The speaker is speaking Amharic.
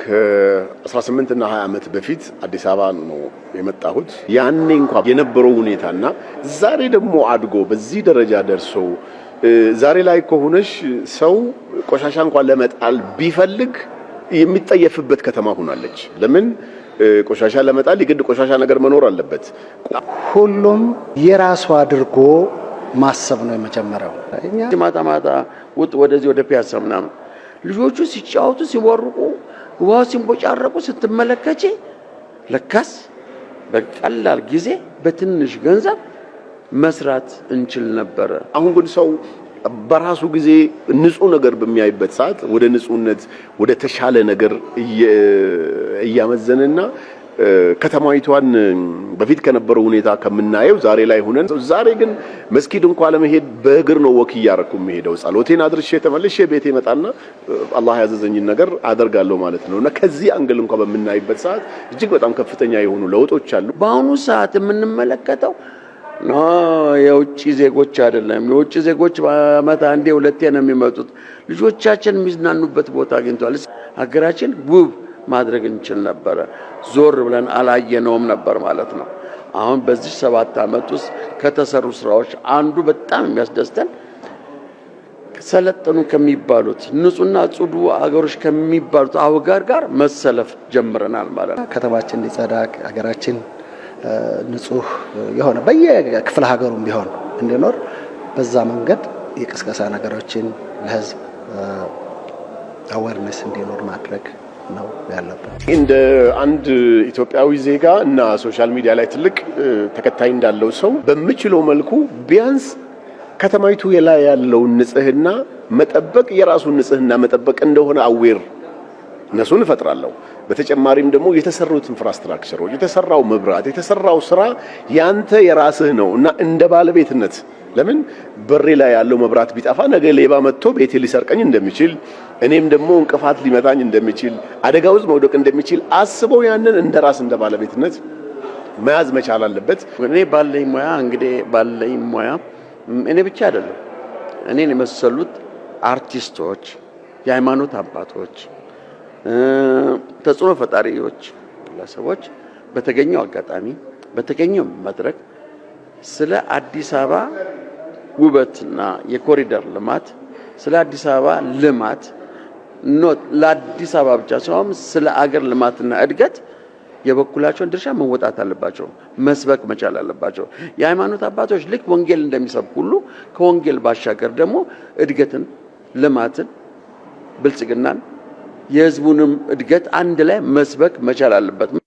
ከ18 እና 20 ዓመት በፊት አዲስ አበባ ነው የመጣሁት። ያኔ እንኳ የነበረው ሁኔታና ዛሬ ደግሞ አድጎ በዚህ ደረጃ ደርሶ ዛሬ ላይ ከሆነሽ ሰው ቆሻሻ እንኳን ለመጣል ቢፈልግ የሚጠየፍበት ከተማ ሆናለች። ለምን ቆሻሻ ለመጣል የግድ ቆሻሻ ነገር መኖር አለበት። ሁሉም የራሱ አድርጎ ማሰብ ነው የመጀመሪያው። እኛ ማታ ማታ ውጥ ወደዚህ ወደ ፒያሳ ምናምን ልጆቹ ሲጫወቱ ሲቦርቁ ውሃው ሲንቦጫረቁ ስትመለከች ለካስ በቀላል ጊዜ በትንሽ ገንዘብ መስራት እንችል ነበረ። አሁን ግን ሰው በራሱ ጊዜ ንጹህ ነገር በሚያይበት ሰዓት ወደ ንጹህነት ወደ ተሻለ ነገር እያመዘነና ከተማይቷን በፊት ከነበረው ሁኔታ ከምናየው ዛሬ ላይ ሆነን ዛሬ ግን መስጊድ እንኳ ለመሄድ በእግር ነው ወክ እያረኩ የምሄደው። ጸሎቴን አድርሼ ተመልሼ ቤቴ እመጣና አላህ ያዘዘኝን ነገር አደርጋለሁ ማለት ነው እና ከዚህ አንግል እንኳ በምናይበት ሰዓት እጅግ በጣም ከፍተኛ የሆኑ ለውጦች አሉ። በአሁኑ ሰዓት የምንመለከተው የውጭ ዜጎች አይደለም። የውጭ ዜጎች በአመት አንዴ ሁለቴ ነው የሚመጡት። ልጆቻችን የሚዝናኑበት ቦታ አግኝቷል። ሀገራችን ውብ ማድረግ እንችል ነበረ። ዞር ብለን አላየነውም ነበር ማለት ነው። አሁን በዚህ ሰባት ዓመት ውስጥ ከተሰሩ ስራዎች አንዱ በጣም የሚያስደስተን ሰለጠኑ ከሚባሉት ንጹህና ጽዱ ሀገሮች ከሚባሉት አውጋር ጋር መሰለፍ ጀምረናል ማለት ነው። ከተማችን እንዲጸዳ ሀገራችን ንጹህ የሆነ በየክፍለ ሀገሩም ቢሆን እንዲኖር በዛ መንገድ የቅስቀሳ ነገሮችን ለህዝብ አዋርነስ እንዲኖር ማድረግ ነው ያለብን። እንደ አንድ ኢትዮጵያዊ ዜጋ እና ሶሻል ሚዲያ ላይ ትልቅ ተከታይ እንዳለው ሰው በምችለው መልኩ ቢያንስ ከተማይቱ ላይ ያለውን ንጽህና መጠበቅ የራሱን ንጽህና መጠበቅ እንደሆነ አዌር እነሱን እፈጥራለሁ። በተጨማሪም ደግሞ የተሰሩት ኢንፍራስትራክቸሮች፣ የተሰራው መብራት፣ የተሰራው ስራ ያንተ የራስህ ነው እና እንደ ባለቤትነት ለምን በሬ ላይ ያለው መብራት ቢጠፋ ነገ ሌባ መጥቶ ቤቴ ሊሰርቀኝ እንደሚችል እኔም ደግሞ እንቅፋት ሊመታኝ እንደሚችል አደጋ ውስጥ መውደቅ እንደሚችል አስበው ያንን እንደ ራስ እንደ ባለቤትነት መያዝ መቻል አለበት። እኔ ባለኝ ሙያ እንግዲህ ባለኝ ሙያ እኔ ብቻ አይደለም እኔን የመሰሉት አርቲስቶች፣ የሃይማኖት አባቶች፣ ተጽዕኖ ፈጣሪዎች፣ ግለሰቦች በተገኘው አጋጣሚ በተገኘው መድረክ ስለ አዲስ አበባ ውበትና የኮሪደር ልማት ስለ አዲስ አበባ ልማት ኖት ለአዲስ አበባ ብቻ ሳይሆን ስለ አገር ልማትና እድገት የበኩላቸውን ድርሻ መወጣት አለባቸው፣ መስበክ መቻል አለባቸው። የሃይማኖት አባቶች ልክ ወንጌል እንደሚሰብክ ሁሉ ከወንጌል ባሻገር ደግሞ እድገትን፣ ልማትን፣ ብልጽግናን የህዝቡንም እድገት አንድ ላይ መስበክ መቻል አለበት።